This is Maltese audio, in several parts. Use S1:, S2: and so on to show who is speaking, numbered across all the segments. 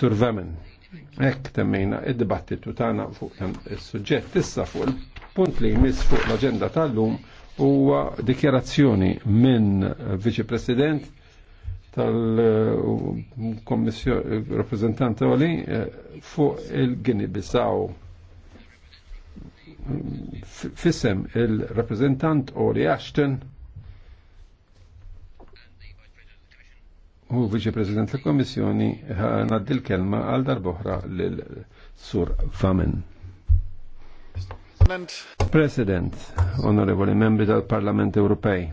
S1: Sur Ekk temmejna id-dibattitu tagħna fuq dan is-suġġett issa fuq il-punt li jmiss fuq l-aġenda tal-lum huwa dikjarazzjoni minn Viċi President tal-Kommissjoni Rappresentant Oli eh, fuq il-Gini Bissau. fissem il-Rappresentant Oli Ashton u Viċi President l-Komissjoni eh, naddi l-kelma għal darboħra l-Sur Famen. President, onorevoli membri tal-Parlament Europei,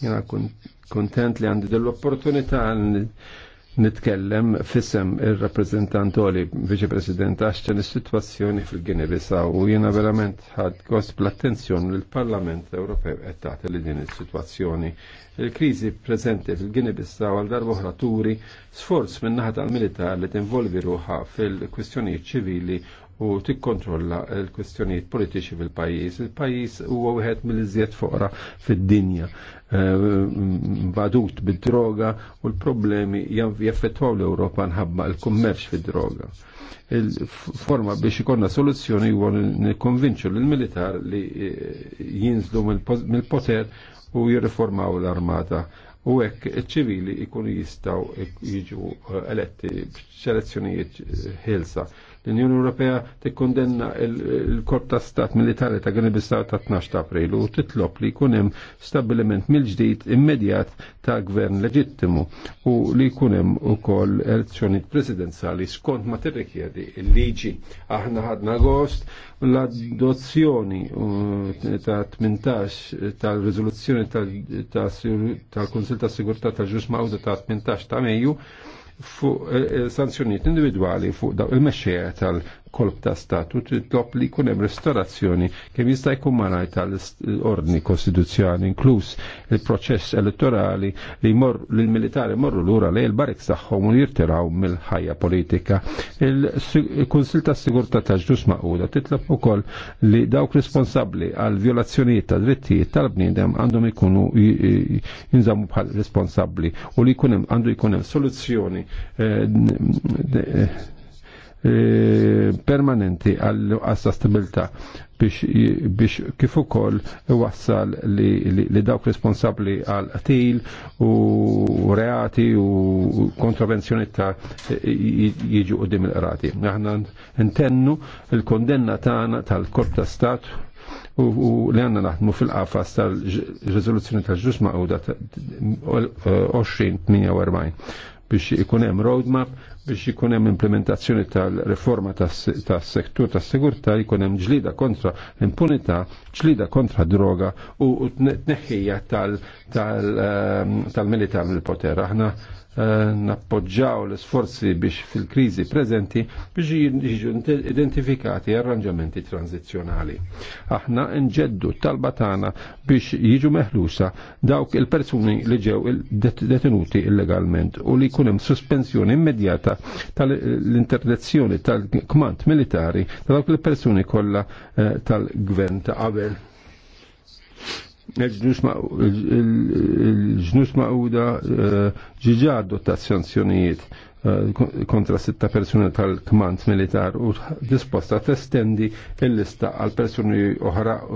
S1: jena kontent li għandi dell-opportunità nitkellem fissem il-rappresentantoli viċi president għaxċan is-sitwazzjoni fil-Gini bissau u jiena verament ħad gost bl-attenzjoni l-Parlament Ewropew qed tagħti li din is-sitwazzjoni. Il-kriżi preżenti fil-Gini bissau għal darba oħra turi sforz minnaħat naħa tal-militar li tinvolvi ruħa fil-kwistjonijiet ċivili u tikkontrolla l-kwestjonijiet politiċi fil-pajjiż. Il-pajjiż huwa wieħed mill-iżjed foqra fid-dinja badut eh, bid-droga u l-problemi jaffettwaw l-Ewropa nħabba l-kummerċ fid-droga. Il-forma biex ikonna soluzzjoni huwa nikkonvinċu l-militar li eh, jinżlu mill-poter u jirriformaw l-armata u hekk iċ-ċivili jkunu jistgħu jiġu eh, eletti b'selezzjonijiet ħilsa. L-Unjoni Ewropea tikkondenna il-Korp ta' Stat Militari ta' Gnibissaw ta' 12 ta' April u titlob li jkun hemm stabiliment mill-ġdid immedjat ta' gvern leġittimu u li jkun hemm ukoll elezzjonijiet presidenzali skont ma tirrikjedi il-liġi. Aħna ħadna gost, l-adozzjoni uh, ta' 18 tal-riżoluzzjoni tal kunsill ta' Sigurtà tal-Ġus Mawda ta' 18 ta' Mejju fuq eh, eh, sanzjoniet individwali fuq il-mexxejja tal- kolb ta' statu titlob li kunem hemm restaurazzjoni kemm jista' jkun malaj tal-ordni kostituzzjoni inkluż il-proċess elettorali li mor l militari morru l-ura li il-barik saħħom u jirtiraw mill-ħajja politika. Il-Kunsil ta' Sigurtà ta' Ġus Maquda titlob ukoll li dawk responsabbli għal violazzjonijiet ta' drittijiet tal-bniedem għandhom ikunu jinżammu bħal responsabbli u li kunem hemm għandu jkun soluzzjoni eh, permanenti għall għassa stabilta biex kif ukoll wassal li, dawk responsabli għal qtil u reati u kontravenzjoni ta' jiġu qudiem il-qrati. Aħna intennu il-kondenna tagħna tal-Korp ta' Stat u li għanna naħdmu fil-qafas tal-rezoluzzjoni tal-ġusma u da 2048 biex ikun hemm roadmap biex ikun hemm implementazzjoni tal-reforma tas-settur tas-sigurtà jkun hemm ġlida kontra l-impunità, ġlida kontra droga u tneħħija tal-militar mill-poter. Aħna Eh, nappoġġaw l-sforzi biex fil-krizi preżenti biex jiġu identifikati arranġamenti tranzizjonali. Aħna nġeddu talba tagħna biex jiġu meħlusa dawk il-persuni li ġew detenuti illegalment u li jkun hemm sospensjoni immedjata tal-interdizzjoni tal-kmand militari ta' dawk il-persuni kollha eh, tal-gvern ta' qabel il-ġnus maquda eh, ġiġa adottat sanzjonijiet eh, kontra sitta persuni tal kmant militar u disposta testendi il-lista għal persuni oħra eh,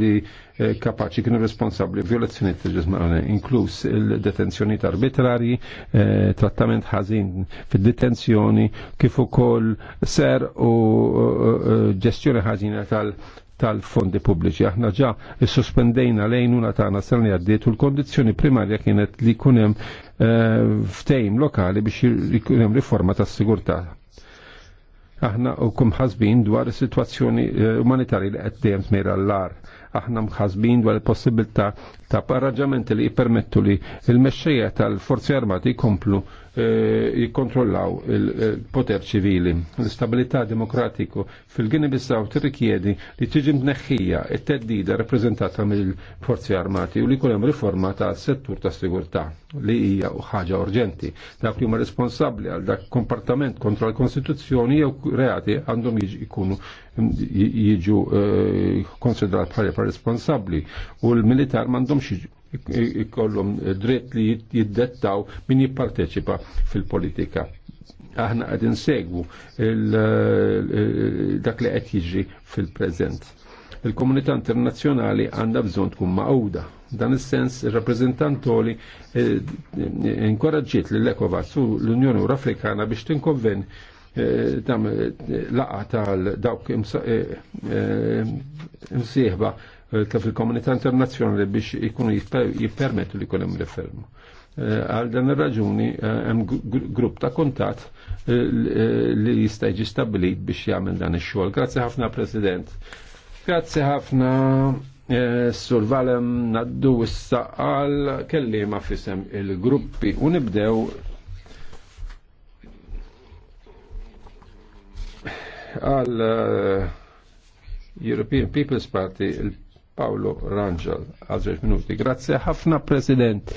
S1: li kapaċi kienu responsabli violazzjoni t-ġizmane, inkluż il-detenzjoni arbitrarji, trattament ħażin fid-detenzjoni, kif ukoll ser u ġestjoni ħazina tal- tal-fondi pubbliċi. Aħna ġa sospendejna lejn una tagħna s-sena għaddiet u l-kondizzjoni primarja kienet li kunem eh, ftejm lokali biex jkunem riforma tas-sigurtà. Aħna u kumħazbin dwar is-sitwazzjoni eh, umanitarji li qed dejjem l-lar aħna mħazbin dwar il-possibilità ta' arranġamenti li jippermettu li il-mexxejja tal-forzi armati jkomplu eh, jikkontrollaw il-poter ċivili. L-istabilità demokratiku fil-Gini Bissaw tirrikjedi li tiġi mneħħija it-teddida rappresentata mill-forzi armati u li kull riforma ta' settur ta' sigurta li hija ħaġa urġenti. Dak li huma responsabbli għal dak kompartament kontra l-Kostituzzjoni jew reati għandhom jkunu jiġu eh, konsiderat bħala responsabbli u l-militar m'għandhom m'għandhomx ikollhom dritt li jiddettaw min jipparteċipa fil-politika. Aħna qed insegwu dak li qed jiġri fil-preżent. Il-komunità internazzjonali għandha bżonn tkun maqgħuda. Dan is-sens ir-rappreżentantoli eh, inkoraġġiet lill ekovas u l-Unjoni Afrikana biex tinkonven tam eh, eh, laqa tal dawk imsieħba ta' fil-komunità internazzjonali biex ikunu jippermettu li kolem refermu. Eh, għal dan ir-raġuni eh, hemm grupp ta' kuntat eh, li jista' jiġi stabbilit biex jagħmel dan ix-xogħol. Grazzi ħafna President. Grazzi ħafna Sur Valem naddu issa għal kellima fisem il-gruppi u nibdew għal European People's Party il Paolo Rangel, għazreċ minuti. Grazie ħafna, President.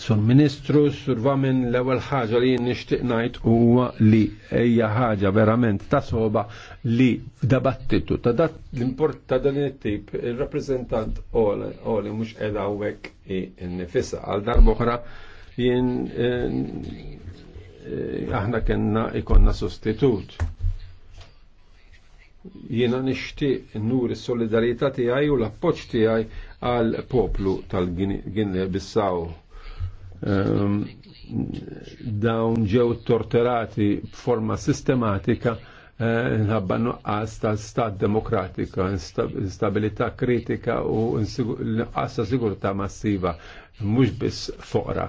S1: Sur Ministru, sur Vamin, l-ewel ħaġa li nishtiq najt huwa li hija ħaġa verament ta' soba li f'dabattitu ta' dat l-import ta' dan it-tip il-rappreżentant oli mhux qed hawnhekk innifisha għal darb'oħra jien eh, eh, aħna kena ikonna sostitut jiena nixtieq nur solidarieta tiegħi u l-appoġġ tiegħi għal poplu tal-Ginne Bissaw. Um, ehm, dawn ġew torterati b'forma sistematika eh, nħabba nuqqas ta' stat demokratika, instabilità kritika u nuqqas ta' sigurtà massiva, mhux biss foqra.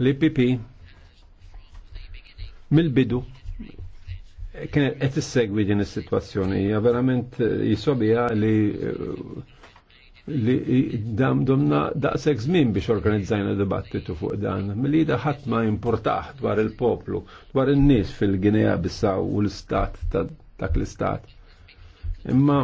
S1: L-IPP mill-bidu kienet qed issegwi din is-sitwazzjoni hija verament eh, jisobija li eh, li dam domna daqseg żmien biex organizzajna dibattitu fuq dan. Milli da ħadd ma importaħ dwar il-poplu, dwar in-nies fil-Ginea Bissaw u l-istat dak l-istat. Imma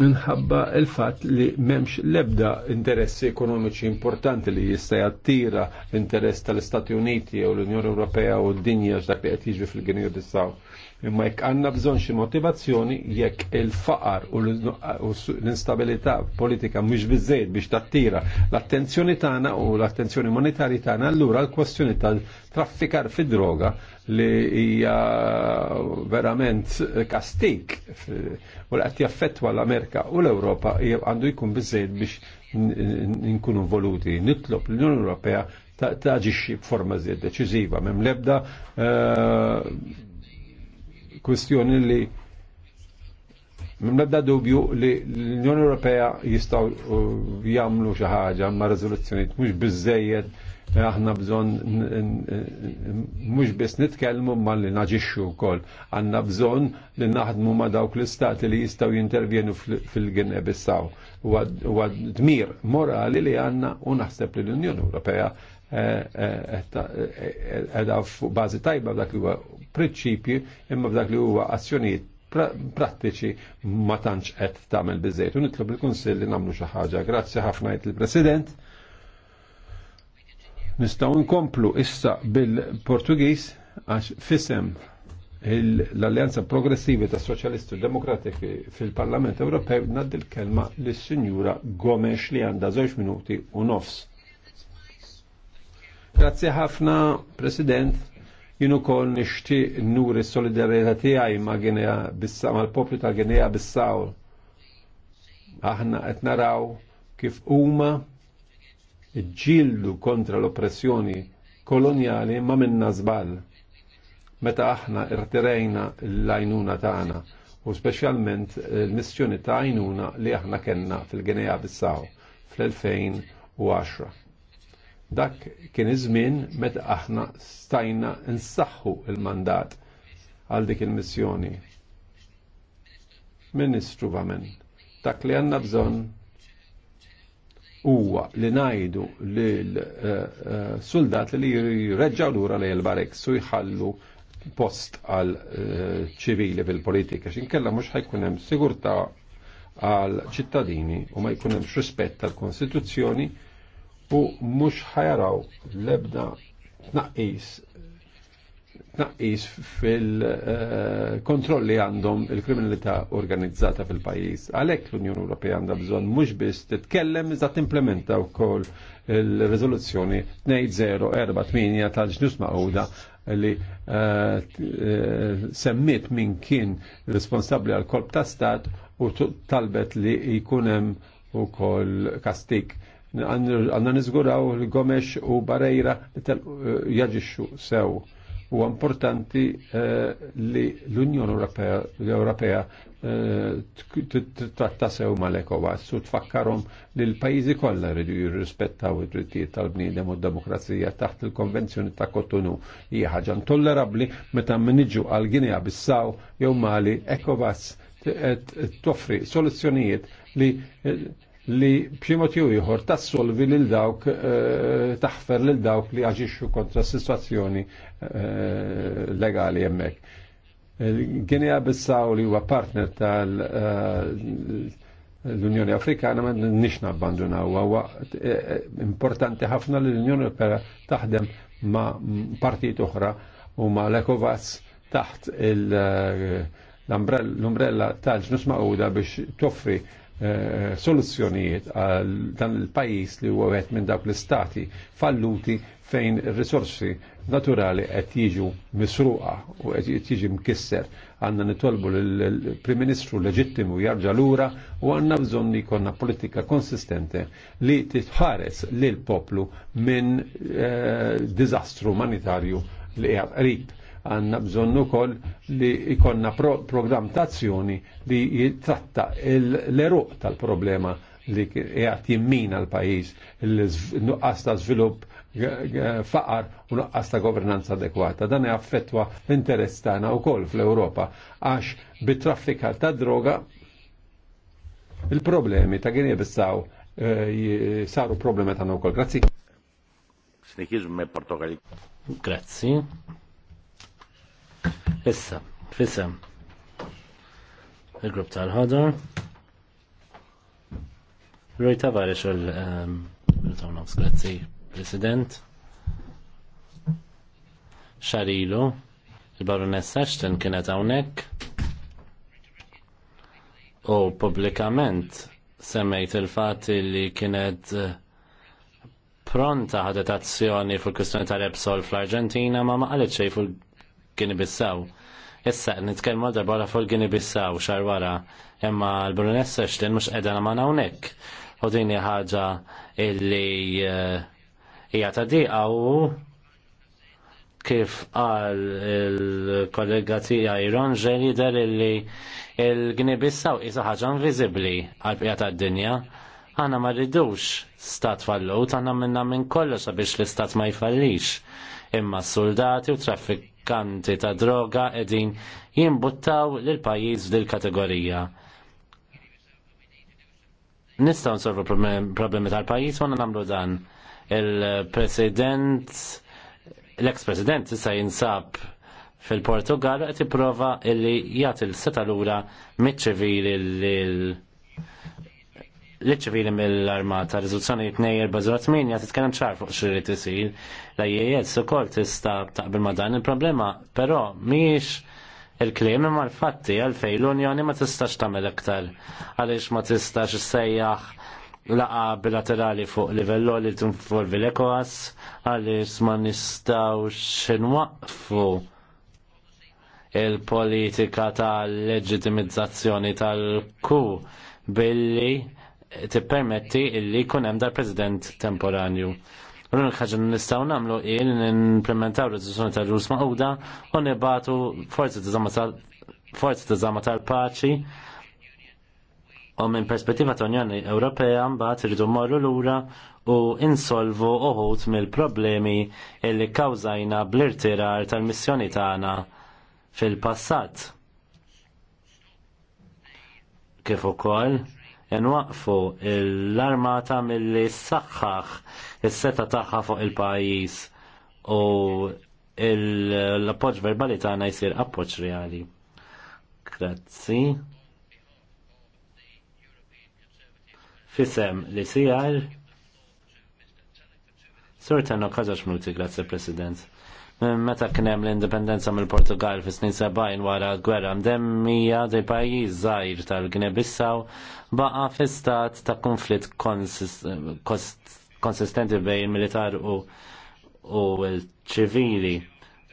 S1: minħabba il-fatt li memx lebda interessi ekonomiċi importanti li jista' jattira l-interess tal-Istati Uniti u l-Unjoni Ewropea u d-dinja x'dak li qed jiġri fil-Ginea Bissaw Imma jekk għandna bżonn xi motivazzjoni jekk il-faqar u l-instabilità politika mhux biżejjed biex tattira l-attenzjoni tagħna u l-attenzjoni monetarji tagħna, allura l-kwestjoni tal-traffikar fid-droga li hija verament kastik u li qed jaffettwa l-Amerika u l-Ewropa għandu jkun biżejjed biex nkunu voluti. Nitlob l-Unjoni Ewropea taġixxi b'forma żied deċiżiva, Mem lebda eh, kwestjoni li Mimnabda dubju li l-Unjoni Ewropea jistaw uh, jamlu xi ħaġa ma' riżoluzzjonijiet mhux biżejjed eh, aħna bżonn mhux biss nitkellmu ma li naġixxu wkoll. Għandna bżonn li naħdmu ma' dawk l-istati li jistgħu jintervjenu fil-Ginne Bissaw. dmir morali li għandna u naħseb li l-Unjoni Ewropea għedaw fuq bazi tajba b'dak li huwa prinċipju imma b'dak li huwa azzjonijiet prattiċi ma tantx qed tagħmel biżejt. U nitlob il-Kunsill li nagħmlu xi ħaġa. Grazzi ħafna jgħid il-President. Nistgħu nkomplu issa bil-Portugiż għax fisem l-Alleanza Progressivi ta' Soċjalisti Demokratiki fil-Parlament Ewropew ngħaddi l-kelma lis-Sinjura Gomes li għandha żewġ minuti u nofs. Grazzi ħafna, President. Jien ukoll nixtieq n-nuri solidarieta tiegħi ma' Ginea Bissaw mal-poplu ta' Ginea Bissaw. Aħna qed naraw kif huma ġildu kontra l-oppressjoni koloniali ma minna żball. Meta aħna irtirejna l ajnuna tagħna u speċjalment l-missjoni ta' għajnuna li aħna kellna fil-Ginea Bissaw fl-2010 Dak kien iż-żmien meta aħna stajna nsaħħu il-mandat għal dik il-missjoni. Ministru vamen, dak li għanna bżonn huwa li najdu li l-soldat eh, eh, li jirreġġaw lura li l-barek su jħallu post għal eh, ċivili fil-politika, kella mux ħajkunem hemm sigurta għal ċittadini u ma jkun hemm rispett tal-Konstituzzjoni u mhux ħajaraw l-ebda tnaqis fil kontroll li għandhom il-kriminalità organizzata fil-pajis. Għalhekk l-Unjoni Ewropea għandha bżonn mhux biss titkellem iżda u wkoll il-riżoluzzjoni 2048 tal-ġnus maħuda li eh, eh, semmit min kien responsabli għal kolb ta' stat u talbet li jkunem u kol kastik għanna nizguraw l-Gomex u Barejra li eh, jaġixxu sew. U importanti eh, li l-Unjoni Ewropea eh, tratta sew mal-ECOWAS u t-fakkarom li l-pajjiżi kollha jridu jirrispettaw id-drittijiet tal-bniedem u d-demokrazija taħt il-Konvenzjoni ta' Kotonu hija tollerabli intollerabbli meta niġu għal Ginea Bissaw jew Mali t toffri soluzzjonijiet li li b'ximot ju ieħor tassolvi lil dawk eh, taħfer lil dawk li għaġixxu kontra situazzjoni sitwazzjoni eh, legali jemmek. Eh, Għinja Bissaw li huwa partner tal l-Unjoni Afrikana ma nix nabbandunaw huwa importanti ħafna li l-Unjoni Europea taħdem ma' partijiet uħra u ma' l-Ekovaz taħt l-umbrella tal-ġnus ma' ma'uda biex toffri Eh, soluzzjonijiet għal dan il-pajis li huwa għet minn dawk l-istati falluti fejn risorsi naturali qed jiġu misruqa u qed jiġi mkisser. għanna nitolbu l-Prim Ministru leġittimu jarġa' lura u għandna bżonn li jkollna politika konsistente li titħares l poplu minn eh, diżastru umanitarju li għad qrib għanna bżonnu kol li ikonna pro program tazzjoni li jitratta l-eruq tal-problema li jgħat jimmina l-pajis, l-nuqqas ta' svilupp faqar u nuqqas ta' governanza adekwata. Dan jaffetwa l-interess tagħna wkoll fl-Ewropa għax bit-traffika ta' droga il-problemi ta' għinja bissaw eh, saru problemi ta' wkoll. Grazzi. Snikizm me
S2: Portugali. Grazzi. Issa, fisem. Il-grupp tal-ħodor. Roj Tavares u l ehm, President. Xarilu, il-Baronessa Ashton kienet hawnhekk u publikament semmejt il fat li kienet eh, pronta ħadet azzjoni fuq kwistjoni tal-Epsol fl-Arġentina ma ma qalet xej fuq Gini Bissaw. Issa, nitkellmu darba wara fuq Gini Bissaw xar wara, imma l-Brunessa xtin mux edha ma hawnhekk. U din hija ħaġa illi eh, hija ta' diqa u kif qal il-kollega tiegħi Iron ġel jidher illi il-Gini Bissaw isa ħaġa inviżibbli għal bqija tad-dinja aħna ma rridux stat fallut, ħana minna minn kollox sabiex l-istat ma jfallix. Imma soldati u traffik traffikanti ta' droga edin jimbuttaw l pajjiż dil kategorija Nistaw nsolvu problemi tal pajjiż ma namlu dan. Il-president, l-ex-president tista jinsab fil-Portugal qed jipprova illi jagħti l-seta lura miċ-ċivili lil l-ċivili mill-armata, rizoluzzjoni 2408 titkellem ċar fuq xirri tisir, la jiejed ukoll tista taqbel ma dan il-problema, però mhijiex il-klim imma l-fatti għalfejn l-Unjoni ma tistax tagħmel iktar għaliex ma tistax issejjaħ laqa bilaterali fuq livello li tinvolvi l-ECOWAS għaliex ma nistawx nwaqfu il-politika tal-leġitimizzazzjoni tal-ku billi tippermetti illi jkun hemm dar president temporanju. L-unika ħaġa nistgħu nagħmlu hi li nimplementaw riżoluzzjoni tal-ġus maquda u nibatu forzi tiżama tal-paċi u minn perspettiva ta' Unjoni Ewropea mbagħad irridu mmorru lura u insolvu uħut mill-problemi illi kkawżajna bl-irtirar tal-missjoni tagħna fil-passat. Kif ukoll? nwaqfu l-armata mill-li s-saxħax il-seta taħħa fuq il-pajis u l-appoġġ verbali tagħna jsir appoġġ reali. Grazzi. Fisem li sijar. tenno kazax multi, grazie President meta kien hemm l-indipendenza mill-Portugal fis snin 70 wara l-gwerra mdemmija dej pajjiż żgħir tal-Gnea baqa' fi stat ta' konflitt konsistenti bejn il-militar u u l-ċivili.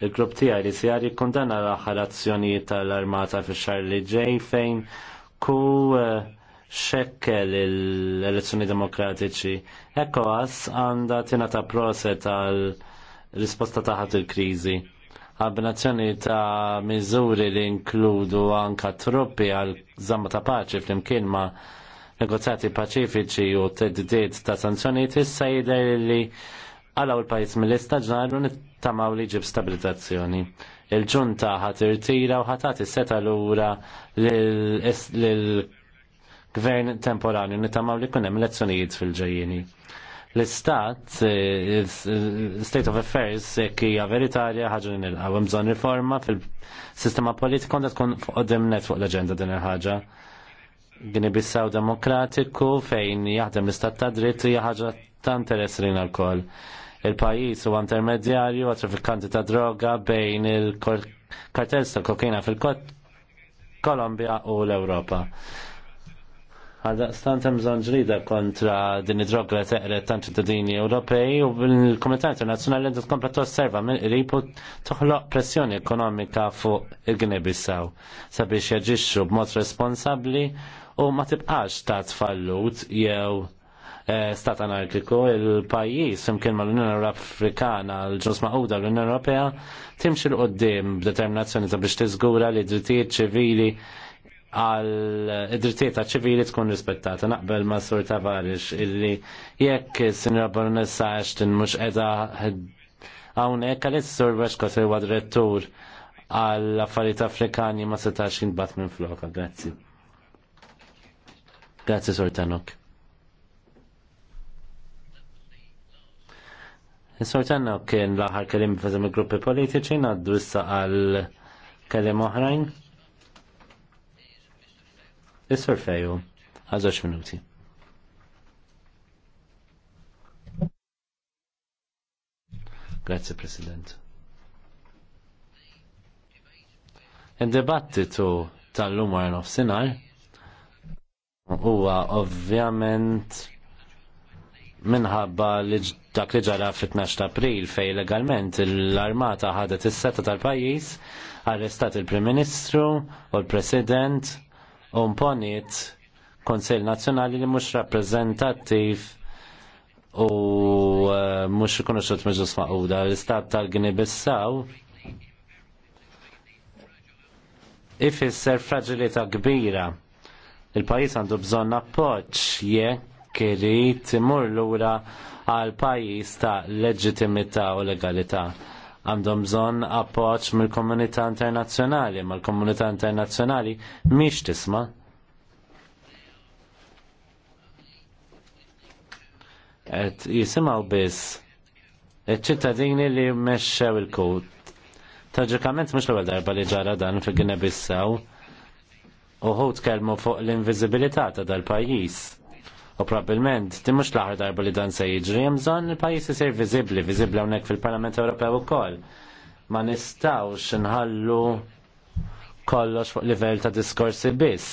S2: Il-grupp tiegħi li sjar jikkundanna l-aħħar azzjonijiet tal-armata fix-xahar li ġej fejn ku eh, xekkel l-elezzjoni demokratiċi. Ekkoas għandha tina ta' proset tal- risposta taħat il-krizi. Kombinazzjoni ta' miżuri li inkludu anka troppi għal zamma ta' paċi fl-imkien ma' negozjati paċifiċi u t ta' sanzjoni issa jider li għalaw il-pajis mill-istaġnar u nittamaw li ġib stabilizzazzjoni il-ġunta ħat irtira u ħat is-seta l-ura l-gvern temporanju nitamaw li kunem lezzjonijiet fil-ġejjini l-istat, eh, eh, state of affairs, eh, hija veritarja ħaġa li nilqaw. Hemm bżonn riforma fil-sistema politiku għandha tkun fuq net fuq l-aġenda din il-ħaġa. Gini bissaw demokratiku fejn jaħdem l-istat ta' dritt hija ħaġa ta' interess lin l Il-pajjiż huwa intermedjarju għat trafikanti ta' droga bejn il-kartels ta' kokina fil-Kolombja u l-Ewropa. Għada stant hemm bżonn ġrida kontra din id-droga li teqret tant ċittadini Ewropej u bil kumitat Internazzjonali li tkompla tosserva minn qrib toħloq pressjoni ekonomika fuq il-Gini Bissaw sabiex jaġixxu b'mod responsabbli u ma tibqax stat fallut jew eh, stat anarkiku il-pajjiż imkien mal unjoni Afrikana l-ġus maquda l-Unjoni Ewropea timxi l-qoddim b'determinazzjoni sabiex tiżgura li drittijiet ċivili għal id-drittijiet ta' ċivili tkun rispettata. Naqbel ma' Sur Tavarix illi jekk Sinjora Baronessa Ashton mhux qiegħda hawnhekk għaliex Sur Bexko se huwa direttur għal affarijiet Afrikani ma setax jinbat minn floka. Grazzi. Grazzi Sur Tanok. Sur Tanok kien l-aħħar kelim fazem il-gruppi politiċi ngħaddu issa għal kelim oħrajn. Is-sorfeju, għazax minuti. Grazie, President. Il-debattitu tal-lum għar nofsinar huwa ovvjament minħabba li dak li ġara fit-12 ta' april fej legalment l-armata ħadet is-seta tal-pajjiż, arrestat il-Prim Ministru u l-President u mponiet Konsil Nazzjonali li mhux rappreżentattiv u eh, mhux ikonoxxut meġus maquda l-istat tal gni Bissaw ifisser fragilita kbira. Il-pajis għandu bżonn appoġġ jekk irid imur lura għal pajis ta' leġitimita u legalità għandhom bżonn appoġġ mill-komunità internazzjonali, ma l-komunità internazzjonali mhix tisma'. Et jisimaw biss iċ-ċittadini li meċċew il-kut. Traġikament mhux l-ewwel darba li ġara dan fil-Ginebissaw uħut kelmu fuq l-inviżibilità ta' dal-pajjiż U probabbilment, ti mux laħar darba li dan se jiġri, jemżon il-pajis jisir vizibli, vizibli hawnhekk fil-Parlament Ewropew ukoll. Ma nistawx nħallu kollox fuq livell ta' diskorsi biss.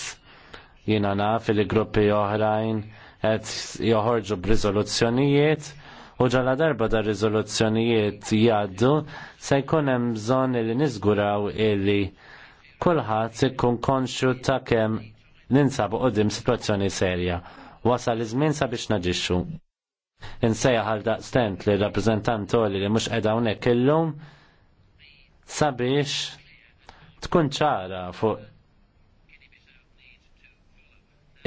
S2: Jiena naf il gruppi oħrajn qed joħorġu b'riżoluzzjonijiet u ġala darba da' riżoluzzjonijiet jgħaddu se jkun hemm bżonn li niżguraw illi kulħadd ikun konxju ta' kemm ninsabu qudiem sitwazzjoni serja. Wasal iż-żmien sabiex naġixxu. Insejja għal daqstent li rappresentant li li mhux qiegħda hawnhekk illum sabiex tkun ċara fuq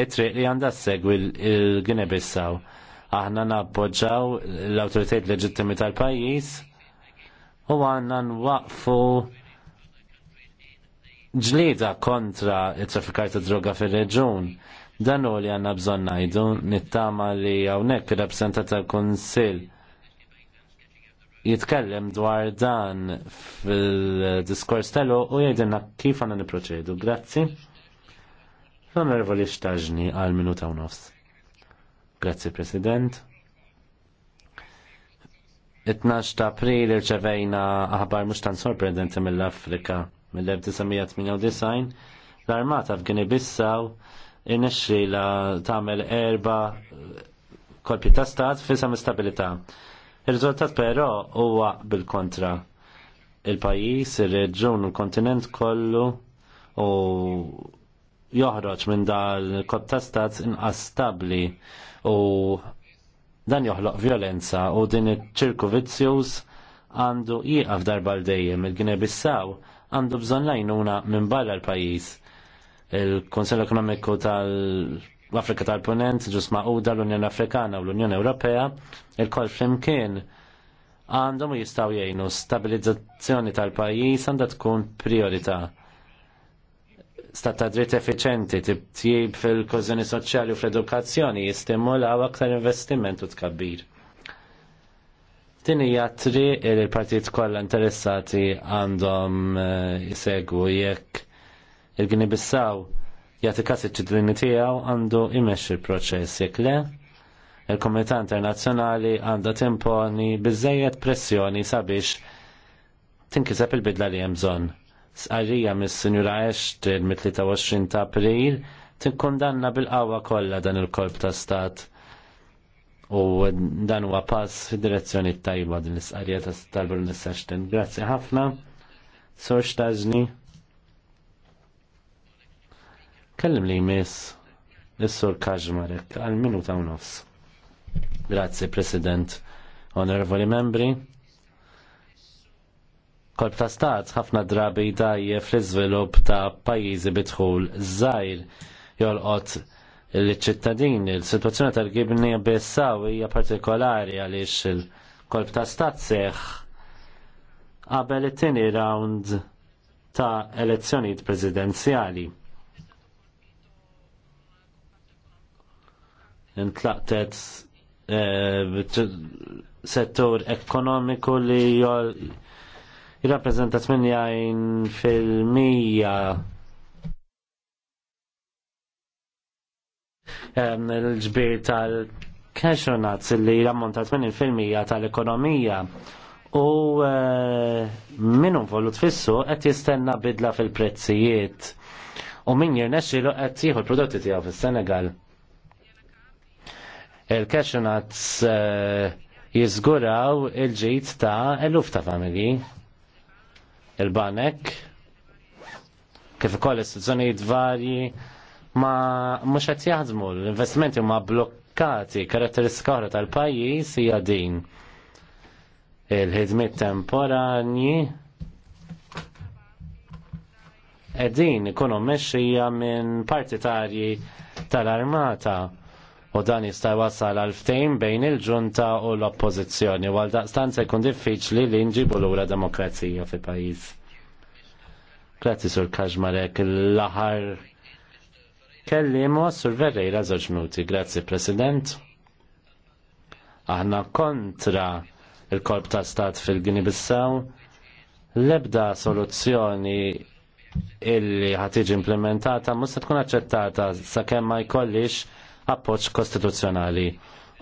S2: it-triq li għandha segwi l ginebissaw Aħna nappoġġaw l-autoritet leġittimi tal pajjiż u għanna nwaqfu ġlida kontra it traffikar ta' droga fil-reġun. Dan u li għanna bżon najdu, nittama li għawnek rappresentat tal-Konsil jitkellem dwar dan fil-diskors tal-u u jgħidilna kif għanna niproċedu. Grazzi. L-onorevoli xtaġni għal minuta u nofs. Grazzi, President. 12 ta' april irċevejna aħbar mhux tan sorprendenti mill-Afrika mill-1998 l-armata f'Gini Bissaw inixxi la tagħmel erba kolpi ta' stat fisa stabilità. Il-riżultat però huwa bil-kontra. Il-pajjiż, ir-reġjun, il pajjiż ir reġjun il kontinent kollu u joħroġ minn dal kot ta' stat inqas stabbli u dan joħloq violenza u din iċ-ċirku vizzjuż għandu jieqaf darba l dejjem il-Gine Bissaw għandu bżonn lajnuna minn barra l-pajjiż il-Konsell Ekonomiku tal-Afrika tal-Ponent, ġus ma'uda l-Unjoni Afrikana u l-Unjoni Ewropea, il-kol flimkien għandhom jistaw jgħinu stabilizzazzjoni tal-pajis għandha tkun priorità. Stata ta' dritt effiċenti tibtjib fil kozjoni soċjali u fl-edukazzjoni jistimulaw aktar investiment u tkabbir. Din hija tri il-partit kollha interessati għandhom eh, jisegwu jekk il-Gini Bissaw jati każ iċ-ċittadini tiegħu għandu imexxi l-proċess jekk le, il-Komunità Internazzjonali għandha timponi biżejjed pressjoni sabiex tinkiseb il-bidla li hemm bżonn. Sqarrija mis-Sinjura Ashton mit-23 ta' April tinkundanna bil-qawwa kollha dan il-kolb ta' stat u dan huwa pass fid-direzzjoni tajba din l-isqarrija tal-Brunessaxten. Grazzi ħafna. Sorx tażni, Kellim li jmiss Is-Sur Kaġmarek għal minuta u nofs. Grazzi, President. Onorevoli membri, Kolb ta' stat ħafna drabi dajje fl-iżvilupp ta' pajjiżi bitħul żgħir jolqot l-ċittadin. Il-sitwazzjoni tal-gibni bessaw hija partikolari għaliex il-kolb ta' stat seħ qabel it-tieni round ta' elezzjonijiet prezidenzjali intlaqtet eh, settur ekonomiku li jirrapprezenta 8 fil-mija l-ġbir tal-cashonats li fil-mija tal-ekonomija u eh, minnum volut fissu qed jistenna bidla fil-prezzijiet u min jirnexilu għet jihur l-prodotti tiegħu fis-Senegal il-cashewnats eh, jizguraw il-ġit ta' eluf ta' familji. Il-banek, kif ukoll istituzzjonijiet varji, ma mhux qed jaħdmu l-investimenti huma blokkati karatteristika oħra tal-pajjiż hija din. Il-ħidmiet temporanji qegħdin ikunu mexxija minn partitarji tal-armata u dan jista' wasal għal ftehim bejn il-ġunta u l-oppożizzjoni u għal daqstan se jkun diffiċli li nġibu lura demokrazija fi pajjiż. Grazzi sur Kaxmarek l-aħar kellimu sur Verrejra żewġ minuti. Grazzi President. Aħna kontra il-korp ta' stat fil-Gini Bissaw l-ebda soluzzjoni illi ħatiġi implementata musa tkun aċċettata sakemm ma jkollix appoġġ kostituzzjonali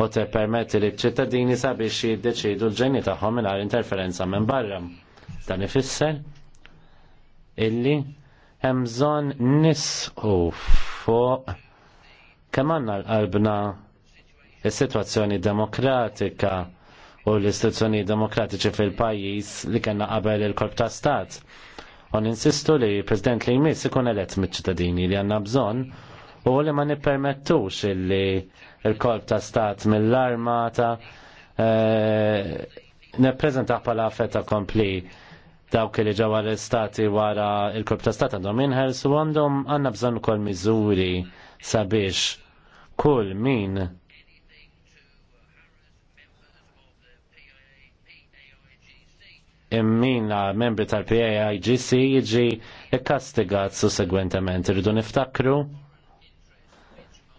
S2: u permetti li ċittadini sabiex jiddeċidu l-ġenni tagħhom mingħajr interferenza minn barra. Dan ifisser illi hemm bżonn nisqu fuq kemm għandna l-qalbna is-sitwazzjoni demokratika u l-istituzzjoni demokratiċi fil-pajjiż li kellna qabel il-korp ta' stat. U ninsistu li President li jmiss ikun elett mit ċittadini li għandna bżonn u li ma nippermettux illi il-kolb ta' stat mill-armata eh, neprezenta pala feta kompli dawk li ġewwa l-istati wara il-kolb ta' stat għandhom inħers u għandhom għandna bżonn ukoll miżuri sabiex kull min immin la membri tal-PAIGC jiġi ikkastigat sussegwentement. Irridu niftakru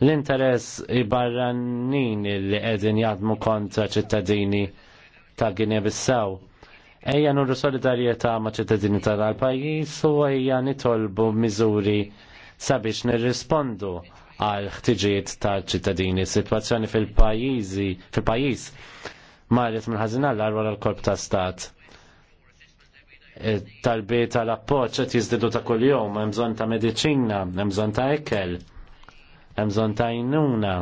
S2: L-interess barranin li qegħdin jadmu kontra ċittadini ta' Ginja Bissaw. Ejja nurru solidarjetà ma' ċittadini tal-pajjiż u ejja nitolbu miżuri sabiex nirrispondu għal ħtiġiet tal-ċittadini. Situazzjoni fil-pajjiżi fil-pajjiż marret minn ħażin għall wara l-korp ta' stat. E, Talbiet tal-appoċ qed jiżdidu ta' kuljum, hemm bżonn ta' mediċina, hemm bżonn ta' ekkel hemm bżonn tajnuna,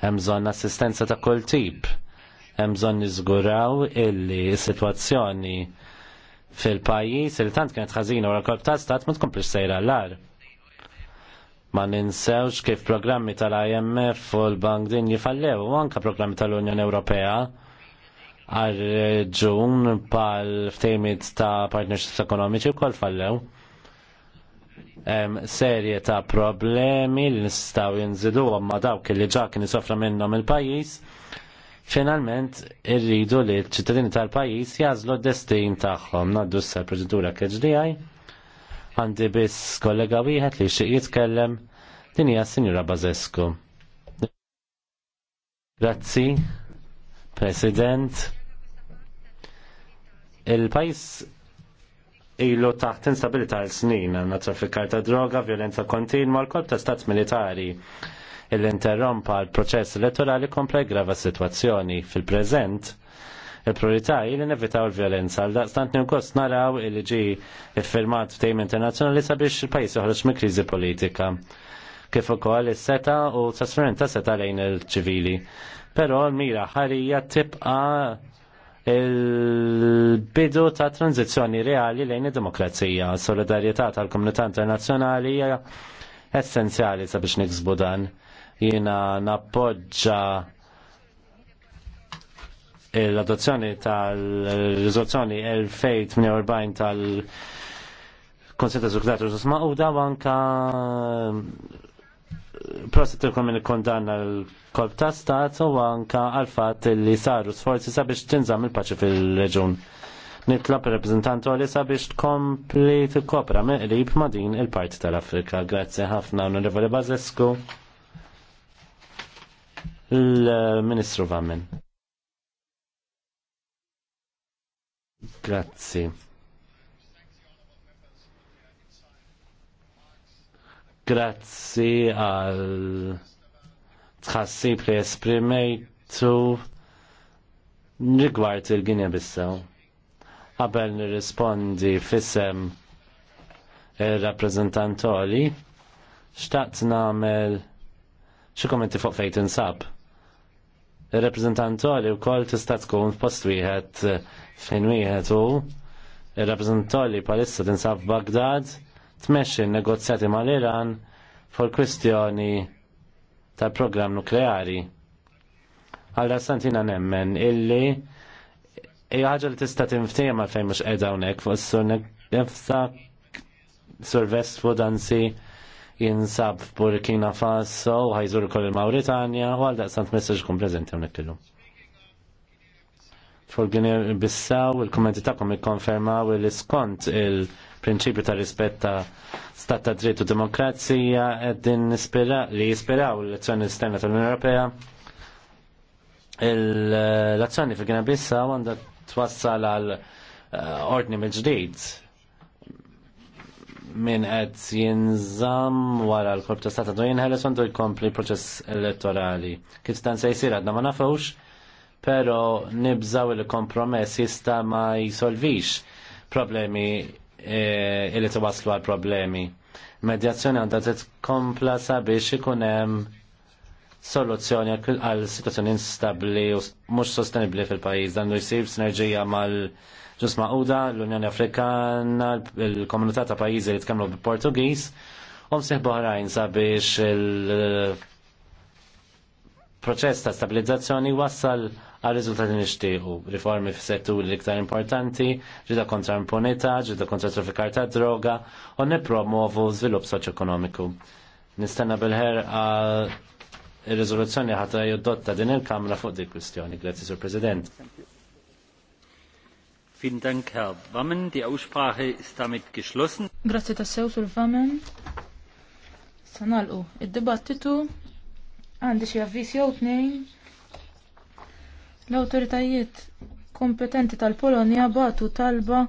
S2: hemm bżonn assistenza ta' kull tip, hemm bżonn niżguraw illi s-sitwazzjoni fil-pajjiż li tant kienet ħażina wara kolb ta' stat ma tkomplix sejra l-ar. Ma ninsewx kif programmi tal-IMF u l-Bank Din jifallew u anka programmi tal-Unjoni Ewropea għal ġun pal ftejmit ta' partnerships ekonomiċi u kol fallew serje ta' problemi li nistaw jinżidu ma dawk li ġa kien isofra minnhom il-pajjiż. Finalment irridu li ċittadini tal-pajjiż jażlu d-destin tagħhom ngħaddu issa l-proċedura KHDI. Għandi biss kollega wieħed li xi jitkellem din hija Sinjura Bazescu. Grazzi, President. Il-pajis ilu taħt instabilità l snin għanna traffikar ta' droga, violenza kontinwa, l-kolb ta' stat militari il-interrompa l-proċess elettorali kompla grava situazzjoni fil-prezent il-priorità li nevitaw il-violenza. Għal-daqstant n-kost naraw il ġi iffirmat tejm internazzjonali sabiex il-pajis joħroġ minn kriżi politika. Kif ukoll is-seta u trasferiment ta' seta lejn il-ċivili. Però l-mira ħarija tibqa' il-bidu ta' tranzizjoni reali lejn id-demokrazija. Solidarjetà tal-komunità internazzjonali hija essenzjali sabiex niksbu dan. Jiena nappoġġa l-adozzjoni tal-rizoluzzjoni 2048 tal-Konsil ta' Zuklatur Zusma u da' prostitut kom minn kondanna l-kolb ta' stat u anka għal-fat li saru sforzi sabiex tinżam il-paċi fil-reġun. Nitlab per reprezentantu għalli sabiex tkompli t-kopra meqrib ma' din il-parti tal-Afrika. Grazie ħafna, onorevole Bazescu. L-Ministru Vammen. Grazie. Grazzi għal tħassib li esprimejtu rigward il-Ginja Bissaw. Qabel nirrispondi fissem il-rappresentantoli, xtaqt namel xie kommenti fuq fejt insab. Il-rappresentantoli u koll tista tkun f'post wieħed fejn wieħed u il-rappresentantoli palissa tinsab Bagdad tmexxi n negozjati mal-Iran fuq kwistjoni tal-programm nukleari. Għalla santina nemmen illi ħaġa li tista' tinftema fejn mhux qiegħda hawnhekk fuq is-sur Sur Vestfu ansi jinsab Burkina Faso u ħajżur ukoll il-Mawritanja u għal daqstant messaġ kum preżenti hawnhekk illum. Fuq Gini Bissaw il-kummenti tagħkom ikkonfermaw li skont il- prinċipju ta' rispetta stat ta' dritt u demokrazija għeddin li jispiraw l-azzjoni esterna tal-Unjoni Ewropea. L-azzjoni fi għina bissa għanda twassal għal eh, ordni mill-ġdid minn qed jinżamm wara l-korp ta' stata dwejn ħeles għandu jkompli proċess elettorali. Kif dan se jsir għadna ma nafux, pero nibżaw il-kompromess jista' ma jisolvix problemi E, illi tibaslu għal problemi. Medjazzjoni għandha titkompla sabiex ikun hemm soluzzjoni għal situazzjoni instabli u mhux sostenibbli fil-pajjiż dan li jsir sinerġija mal- ġus maquda l-Unjoni Afrikana, il-komunità ta' pajjiżi li tkemmlu bil-Portugiż, u msieħbu boħrajn sabiex il- proċess ta' stabilizzazzjoni wassal għal rizultati nixtiequ. Riformi f'settur l-iktar importanti, ġida kontra imponita, ġida kontra traffikar ta' droga u nippromovu żvilupp soċ-ekonomiku. Nistenna bil ħer għal rizoluzzjoni ħata jodotta din il-Kamra fuq dik kwistjoni. Grazie, Sur President. Vielen Dank, Herr Wammen. Die Aussprache ist damit geschlossen.
S1: Grazie tassew, Sur Wammen. Sanalqu, id debattitu għandi xi avvisi
S2: jew tnejn L-autoritajiet kompetenti tal-Polonja batu talba